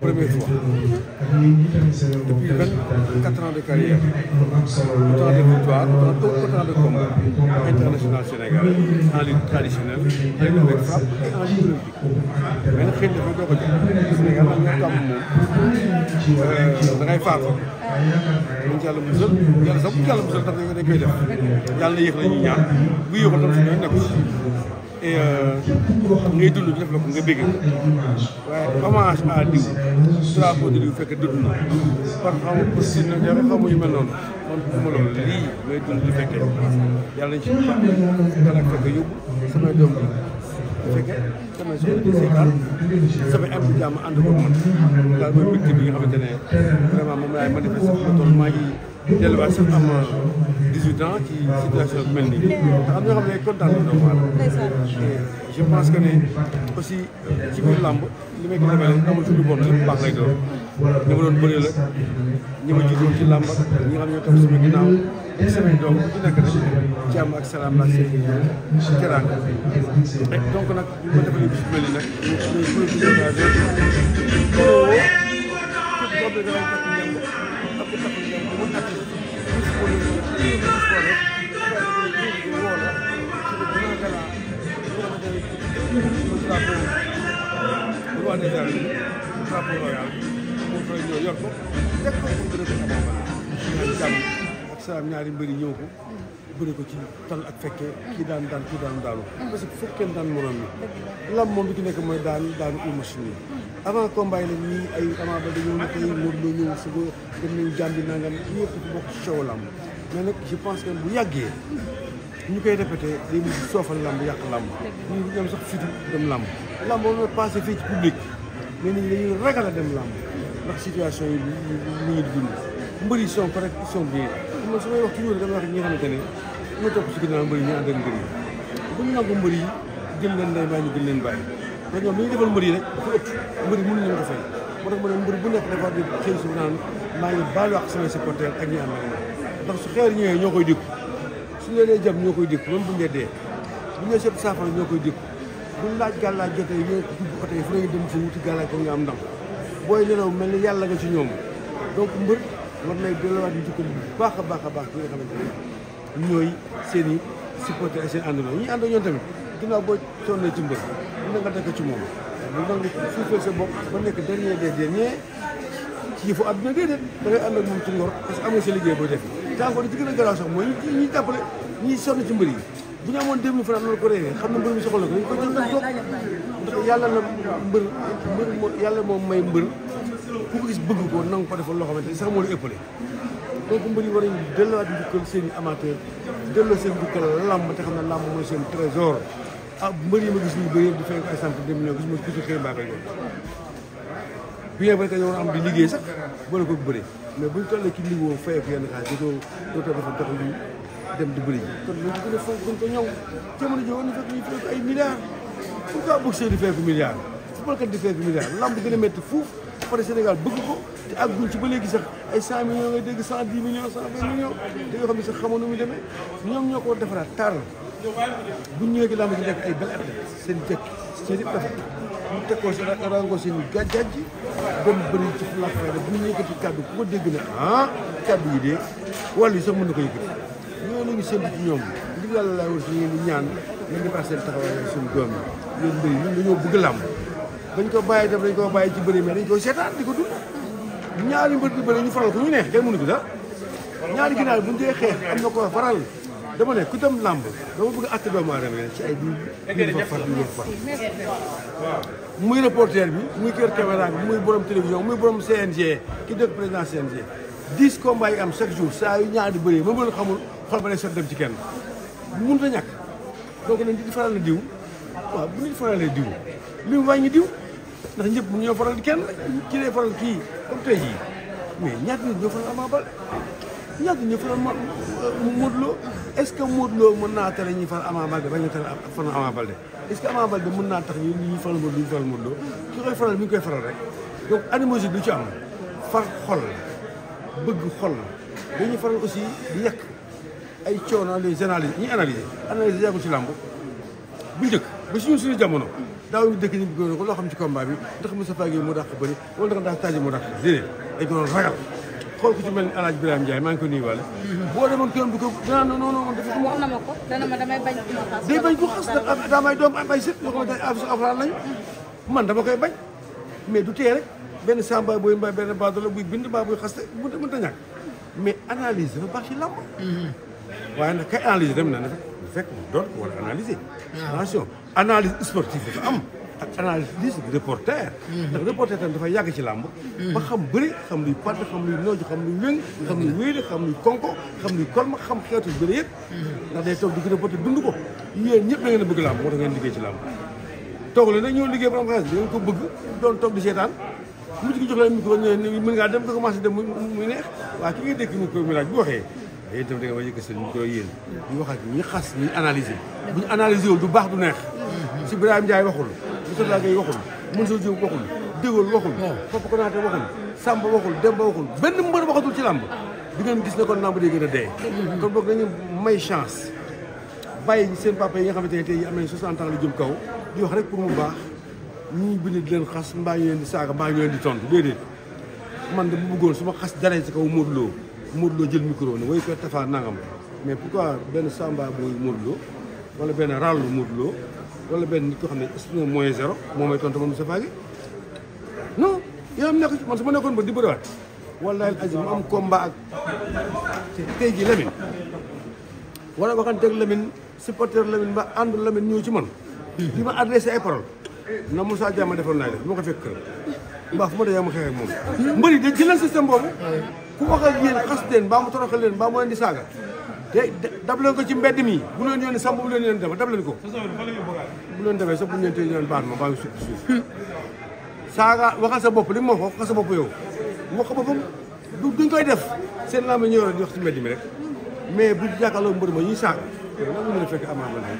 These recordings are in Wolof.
première fois depuis vingt quatre ans de carrière autant de victoires autant de combats international sénégalais en lutte traditionnelle avec frappe et en lutte olympique mais nag xëy na dafa doog a jot Sénégal am na tàmm moom euh, da ngay faatu luñ ci yàlla musal yàlla sax bu ci yàlla musal tax dañ koy def yàlla yéex la ñuy ñaan bu yéexul tam si ñooy nekku ci et euh, ngay dund def la ko nga bëgg waaye hommage à diw drapeau de diw fekk dund na par xam pour si na jafe xamu yu noonu man bu ma loolu lii ngay dund di fekkee yàlla nañ ci baax dana fekk yóbbu samay doom bi fekke samay soxla di seetaan samay am jàmm ànd ko man daal mooy mbégte bi nga xamante ne vraiment moom laay manifesté ma toll maa ngi di delluwaat sax am 18 ans ci situation bi mel nii ndax am na ñoo xam ne kontaan nañu doomu aadama je pense que ne aussi euh, ci biir làmb li may gën a mel amul ci lu bon lu baax lay doon ñi ma doon la ñi ma jiitoon ci làmb ñi nga xam ñoo tax sama ginnaaw semaine donc ak salaam la seen teraanga rek donc nag ñu ma mel nii nag roi des jàmm ak salaam ñaari mbëri ñëw ko bëri ko ci tal ak fekkee kii daan daan kii daan daanu parce que fekkeen daan moroom mi lam moom bi ci nekk mooy daan daanu u machine avant combat yi la ñii ay Ama Baldé ñëw na tey Modou Lô ñëw suba dem nañ jàmbi nangam ñëpp bokk ci coow lamb mais nag je pense que bu yàggee ñu koy répété day mu soofal làmb yàq làmb ñu ñoom sax fitu dem làmb làmb boo passé fii ci public mais nit dañuy ragal a dem làmb ndax situation yi ñu ngi dund mbëri sont correct ils sont bien man su ñi xamante ne ñoo topp si ginnaaw mbëri ñu ànd ak mbëri bu nangu mbëri yi gën leen day bàyyi ñu gën leen bàyyi parce que ñoom li ñu defal mbëri yi rek dafa ëpp mbëri mënu leen ko fay moo tax ma ne bu nekk dafa di xëy suuf naan maa ngi baalu ak samay supporters ak ñu am ndax su xeer ñëwee ñoo koy dikk suñ leen jam ñoo koy dikk même bu ñu dee bu ñu sëpp saafara ñoo koy dikk buñ laaj gàllaaj jotee ñoo dugg oto yi fu dem si wuti gàllaaj ko nga am ndam booy nelaw mel ni yàlla nga ci ñoom donc mbër war nay delluwaat ñu jikko bu baax a baax a baax bi nga xamante ne ñooy seen i supporter ak seen àndandoo ñi ànd ñoom tamit ginnaaw boo sonnee ci mbër bu nga dëkk ci moom bu nangu suufee sa bopp nekk dernier des ci ngor parce que am nga sa liggéey booy def te encore ci gën a garaaw sax mooy ñi ñuy jàppale ñi mbër yi bu ñu amoon deux mille xam na mbër mi soxla ko dañ ko jox ndax yàlla yàlla moom may mbër ku ko gis bëgg ko nangu ko defal sax moo la ëppale donc mbër yi war nañu delluwaat njukkal seen i amateur delloo seen njukkal làmb te xam ne làmb mooy seen trésor ah mbër yi ma gis ñu ma gis xëy mbaa koy yoon bien vrai que ñoo am di liggéey sax boole ko bëree mais bu ñu tollee ci niveau fayeeku yenn xaalis dootoo dootoo dafa tax ñu dem di bëri kon nañ ko gën a fonk gën ko ñëw jamono ji woon na fekk ñu fayeeku ay milliards pourquoi boxeur di fayeeku milliards footballkat di fayeeku milliards lamb gën a métti fuuf pare Sénégal bëgg ko te àggul ci ba léegi sax ay cent millions ngay dégg cent dix millions cent vingt millions te ma xam muy demee ñoom ñoo ko defaraat taar bu ñëwee ci làmb ji nekk ay bel seen jekk seen yëpp dafa ñu teg ko seen rango seen gàjjaj ba mu la fayda bu ñu ko dégg ne ah kàddu yi de wàllu yi sax mën na ko ñoo nañu seen ci ñoom ndig yàlla lay war suñu ñaan nañ defar seen taxawaay suñu doom dañ ko bàyyi def dañ ko bàyyi ci bëri mais dañ ko seetaan di ko dund ñaari ñu faral ñu neex kenn mënu ko dara ñaari ginaar bu ñu dee xeex am na ko faral dama ne ku dem làmb dama bëgg àtte doomu aadama yi ci ay biir biir muy reporter bi muy kër caméra bi muy borom télévision muy borom CNG ki dëkk président CNG dix combats yi am chaque jour saa yu ñaari bëree ma mën xamul xol ba ne sot dem ci kenn mënut a ñàkk donc nañ di faral diw waaw bu nit faralee diw li mu wàññi diw ndax ñëpp ñoo faral kenn ci lay faral kii comme tey jii mais ñaata nit ñoo faral Ama Baldé yàgg ñu faral ma euh, Modou Lo est-ce que Modou Lo mën naa tere ñi faral Ama Baldé bañ a tere faral Ama Baldé est-ce que Ama Baldé mën naa tax ñu ñuy faral Modou Lo ñu faral Modou ki koy faral mi ngi koy faral rek donc animosité du ci am far xol la bëgg xol la dañuy faral aussi di yàq ay coono les ñu ñuy analyser analyser yàggul ci làmb bu njëkk ba suñu suñu jamono daaw ñu dëkk ñu bëggoon ko loo xam ci combat bi ndax Moustapha Gueye moo dàq bëri wala ndax Taji moo dàq déedéet dañ ragal xool ku ci mel ni El Hadj Birame maa ngi ko nuyuwaale. boo demoon këram du ko danaa non non non dafa ma ko dana ma damay bañ ku ma xas. day bañ ku xas daa may doom am ay sët man dama koy bañ mais du tee rek benn samba booy mbay benn baadoolo buy bind mbaa buy xaste mënta mënta ñàkk mais analyse dafa baax ci làmb. waaye nag kay analyse dem na ne fekk mu doon ko war a analyser. Ah. attention analyse sportive dafa ak analyse ak reporter ndax mhm. reporter tam dafa yàgg ci làmb mhm. ba xam bëri xam luy padd xam luy nooj xam luy wéng xam luy mhm. wéyla xam luy konko xam luy kolma xam xeetu bëri yëpp ndax ko reporter ñëpp da ngeen bëgg làmb moo tax ngeen liggéey ci làmb toog la nag ñoo liggéey ba am xaalis dangeen ko bëgg doon toog di seetaan mu ci jox la micro ñëw dem nga commencé dem muy neex waaw ki ngay dégg micro mi laaj bu waxee eh, yéen itam da ñi xas ñi analyser bu ñu du baax du neex si Ibrahima Ndiaye waxul Moustapha Gueye waxul Mansour Diouf waxul Dégol waxul ko Konaté waxul Samba waxul ba waxul benn mbër waxatul ci làmb di ngeen gis ne kon làmb day gën a dee kon boog nañu may chance bàyyi seen papa yi nga xamante ne tey am nañ 60 ans la jëm kaw di wax rek pour mu baax ñuy bind di leen xas mbaa ñu leen di saaga mbaa ñu di tontu déedéet man de bu bëggoon su ma xas daree ci kaw Modou Lo Modou Lo jël micro ne way ko tafaa nangam mais pourquoi benn Samba booy Modou Lo wala benn ràllu Modou Lo wala benn nit ko xam ne estimé moyen zéro moo may tontu man Moussa Fage non yow am nekk ma nekkoon ba di bëriwaat wallaahi al mu am combat ak tey jii Lamine wala waxanteeg Lamine supporter Lamine ba ànd Lamine ñëw ci man di ma adressé ay parole na Moussa Diama defoon naa def bu ko fekk kër mbaa fu ma dee ma xeex ak moom mbëri da jëlal système boobu ku wax ak yéen xas leen mbaa mu toroxal leen mbaa mu leen saaga te dab leen ko ci mbedd mi bu leen yónnee sàmm bu leen yónnee dama dab leen ko. bu leen demee sax bu ñu leen tëjee baal ma baalu suuf suuf. saaga waxal sa bopp li mu wax waxal sa bopp yow wax ko boppam du duñ koy def seen laa ma ñëw di wax ci mbedd mi rek mais bu jàkkaarloo mbër ma ñuy saaga yow lan nga mën a fekk Ama Baldé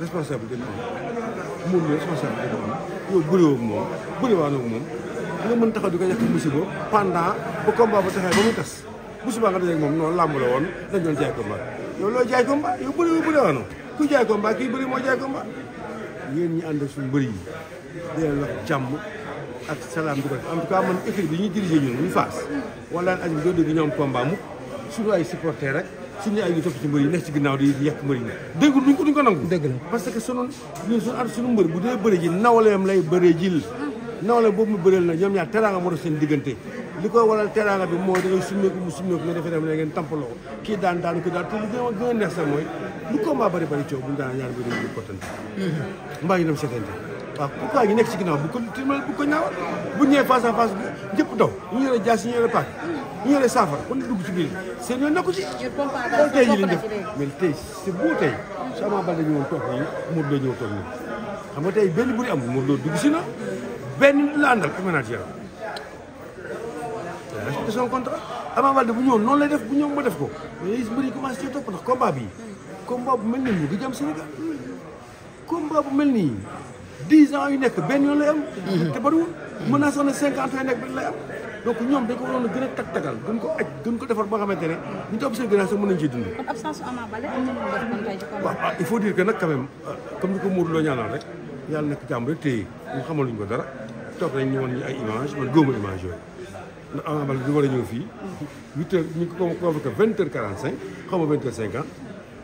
responsable dina am moom la responsable dina am yow bëri woo moom bëri waanoo moom nga taxaw di ko yàq musiba pendant ba combat bu taxee ba mu tas. bu subaa nga dajeeg moom noonu làmb la woon dañ doon jaay combat yow loo jaay combat yow bëri wu bëri woon ku jaay combat kii bëri ñi ànd ak suñu bëri yi di leen wax jàmm ak salaam ko en bi ñuy dirigé ñun ñu ak doo dégg ñoom combat mu suñu ay supporter rek suñu yi nekk ci ginnaaw di yàq mbër yi ko duñ ko nangu a la parce que sunu ñun sunu at bu dee bëri ji nawleem lay bëree jil ah. nawle boobu mu bëreel na ñoom ñaar teraanga moo doon seen diggante li koy waral teraanga bi mooy da ngay summeeku mu summeeku nga defee dem ne ngeen tampaloo ko kii daan daanu ko daal a a neex daan ñaar bi dañu nekk ci ginnaaw bu ko tilmal bu ko ñaawal bu ñëwee face à face bi ñëpp daw ñu yore jaas ñu yore paak ñu yore saafara kon dugg ci biir seen yoon nekku ci loolu tey yi liñ tey c'est beau tey su Ama Baldé ñëwoon toog nii Modou Lô ñëw toog benn bu di am Modou Lô dugg si na benn la àndal aménage yaram respecté son contrat Ama Baldé bu ñëwoon noonu lay def bu ñëw ma def ko mais mbir yi commencé cee topp ndax combat bi combat bu mel nii mu ngi jëm Sénégal combat bu mel nii dix ans yu nekk benn yoon lay am te bariwul mën naa sax ne cinquante yu nekk benn lay am donc ñoom dañ ko waroon a gën a tag tagal gën ko aj gën ko defar ba nga xamante ne ñu topp seen gënaa sax mën nañ ciy dund kon absence Ama Baldé am na lu mu def man tey ci combat waaw ah, il faut dire que nag quand même euh, comme ni ko Mourou loo ñaanal rek yàlla nekk jàmm rek téye ñu xamaluñ ko dara toog nañ ñu woon ñu ay image man góoma image yooyu na Ama Baldé war a ñëw fii. 8 heures ñu ngi ko convoqué 20 heures 45 xaw ma 20 heures 50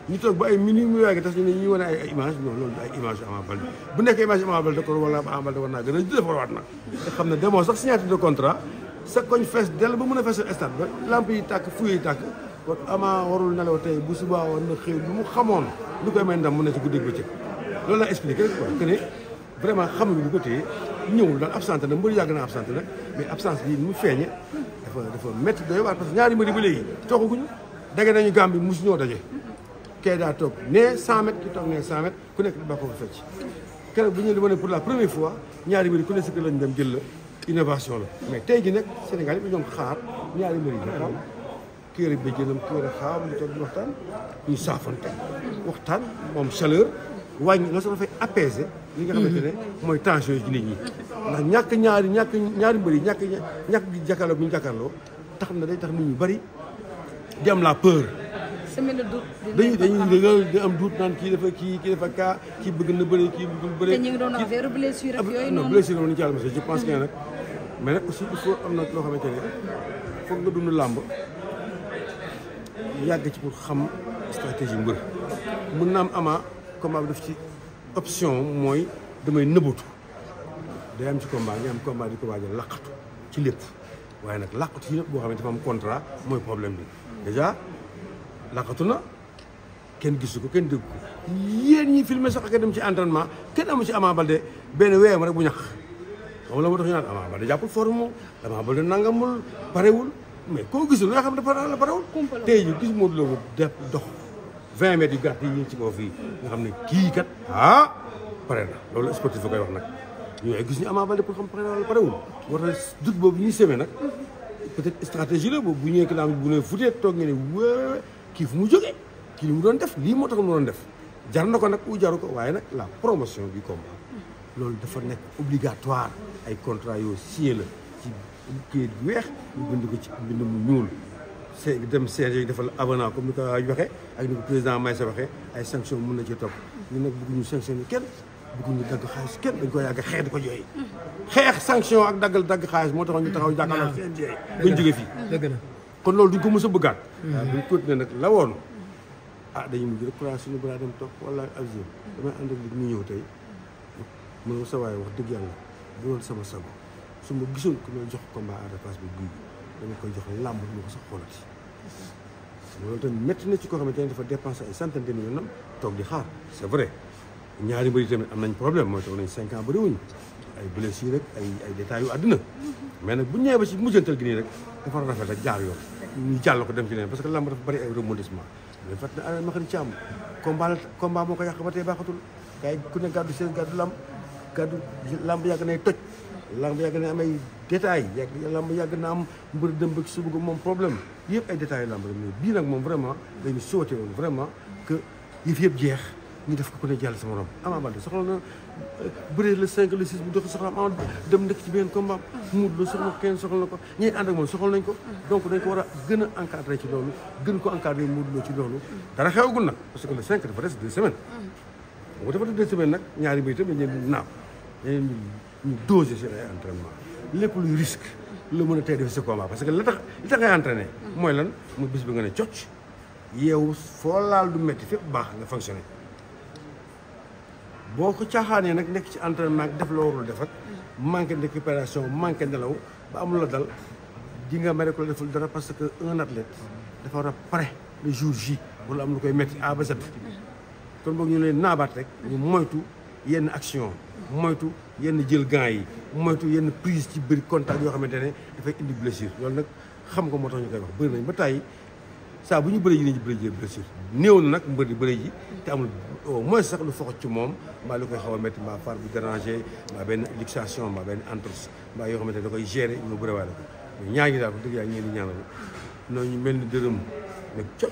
ñu toog ba ay minuit mu yàgg tas ñu ñu wane ay image non loolu ay image yu Ama bu nekk image yu Ama Baldé d'accord wala Ama Baldé war a a fees stade ba lamp yi tàkk fuye yi tàkk kon Ama warul nelaw tey bu subaa war na xëy lu mu xamoon lu koy may ndam mu ne ci guddi bëccëg loolu laa expliqué quoi que ne vraiment ko téye ñëwul daal absente na mbëri yàgg na absente nag mais absence bi mu feeñe dafa dafa métti doy waar parce que ñaari mbëri ba léegi toogaguñu daje nañu Gàmbi mosu ñoo daje kay daa toog nee 100 mètres ki toog nee 100 ku nekk ba ko fa fecc keroog bu ñu demoon pour la première fois ñaari mbëri ku ne si kër lañ dem jël la innovation la mais tey ji nag Sénégal yi ñoo ngi xaar ñaari mbëri yi ki yore bëjjënam ki yore xaam ñu toog di waxtaan ñu saafante waxtaan moom chaleur wàññi loolu soo dafay apaiser li nga xamante ne mhm. mooy tension yi ci ñi ndax ñàkk ñaari ñàkk ñaari mbëri ñàkk ñàkk gi jàkkaarloo bi ñu jàkkaarloo tax na day tax nit ñu bari di am la peur dañuy dañuy dañuy am doute naan kii dafa kii kii dafa kaa kii bëgg na bëri kii bëggul bëri. te ñu ngi doon wax vers blessure ak yooyu noonu. blessure woon nañu ci àll je pense que mhm. nag mais nag aussi il faut am na loo xamante ne foog nga dund làmb yàgg ci pour xam stratégie mbër mën naa am Ama combat bi daf ci option mooy damay nëbbatu day am ci combat nga am combat di ci lépp waaye nag laqatu ci lépp boo xam ne dafa am contrat mooy problème bi déjà laqatu na kenn gisu ko kenn dégg ko yéen ñi filmé sax ak dem ci entraînement kenn amu ci Ama Baldé benn weeyam rek bu ñax xam la moo tax ñu naan Ama Baldé jàppul forme Ama Baldé nangamul parewul mais koo gisul nga xam dafa la barawul tey ñu gis Modou Lo def dox vingt mètres yu gàtt yi ñu ci kaw fii nga xam ne kii kat ah pare na loolu sportif bi koy wax nag ñu ay gis ñu Ama Baldé pour xam pare na wala parewul war na dut boobu ñuy semé nag peut-être stratégie la boobu bu ñëwee ki bu ne futee toog ngeen ne wéewe kii fu mu jógee kii li mu doon def lii moo tax mu doon def jar na ko nag u jaru ko waaye nag la promotion du combat loolu dafa nekk obligatoire ay contrat yoo signé la kii weex ñu bind ko ci bind mu ñuul se dem seet yi defal avenant comme ni ko waaj waxee ak ni ko président Maïssa waxee ay sanction mun na ci topp ñu nag bëgguñu sanction ni kenn bëgguñu dagg xaalis kenn dañ ko yàgg xeex di ko jooy xeex sanction ak daggal dagg xaalis moo tax ñu taxaw jàkkaarloo seen jooy bañ jóge fii kon loolu duñ ko mos a bëggaat hmm. waaw buñ continuer nag la woon ah dañu mujj rek croise suñu bras dem toog wala algim damay ànd ak li ñu ñëw tey mën sa waaye wax dëgg yàlla bu woon sama sago su ma gisoon ku may jox combat à la place bi guy dama koy jox làmb du ma ko sax xoolati loolu tamit métti ci koo xamante ne dafa dépensé ay centaine de millions nam toog di xaar c'est vrai ñaari mbir yi tamit am nañ problème mooy toog nañ cinq ans ba réewuñu ay blessures rek ay ay détails yu mujjantal gi rek dafa rafet rek jaar yoon ñu jàll ko dem ci neen parce que làmb dafa bari ay rebondissement mais fat na alal maxari càmm combat la combat moo ko yàq ba tey baaxatul gars ku ne gàddu seen gàddu làmb gàddu làmb yàgg nay toj lamb yàgg na am ay détails yàgg lamb yàgg na am mbër dëmb ak suba moom problème yëpp ay détails lamb rek mais bii nag moom vraiment dañu soote woon vraiment que yëf yëpp jeex ñu def ko ku ne jàll sa morom Ama Baldé soxla na euh, bëree le 5 le 6 bu dox soxla am dem nekk ci benn combat mu lu soxla kenn soxla na ko ñuy ànd ak moom soxla nañ ko donc dañ ko war a gën a encadré ci loolu gën ko encadré mu lu ci loolu dara xewagul nag parce que le 5 dafa des deux semaines bu dafa des deux semaines nag ñaari mbéy tamit ñeen naaw ñeneen ñu doser seen ay entraînement lépp luy risque lu mën a tey def sa combat parce que la tax li tax ngay entraîné mooy lan mu bis bi nga ne cocc yeewu foo laal du métti fépp baax nga fonctionné boo ko caaxaanee nag nekk ci entraînement def la warul def ak manqué de manqué nelaw ba amul la dal di nga mere ko deful dara parce que un athlète dafa war a pare le jour J wala am lu koy métti A ba Z kon ñu leen naabaat rek ñu moytu yenn action moytu yenn jël gants yi moytu yenn prise ci bëri contact yoo xamante ne dafay indi blessure loolu xam nga moo tax ñu koy bëri nañ ba tàyyi saa bu ñu bëree ji nañu bëree ji blessure néew na nag mbër di bëree ji te amul au moins sax lu foxat ci moom mbaa lu koy xaw a métti mbaa far bu dérangé benn luxation mbaa benn entorse mbaa yoo xamante ne da koy gérer ñoo bëriwaale ko ñaar ñi daal ko dëgg yaa ñeen di ñaanal noonu ñu mel ni dërëm nag cot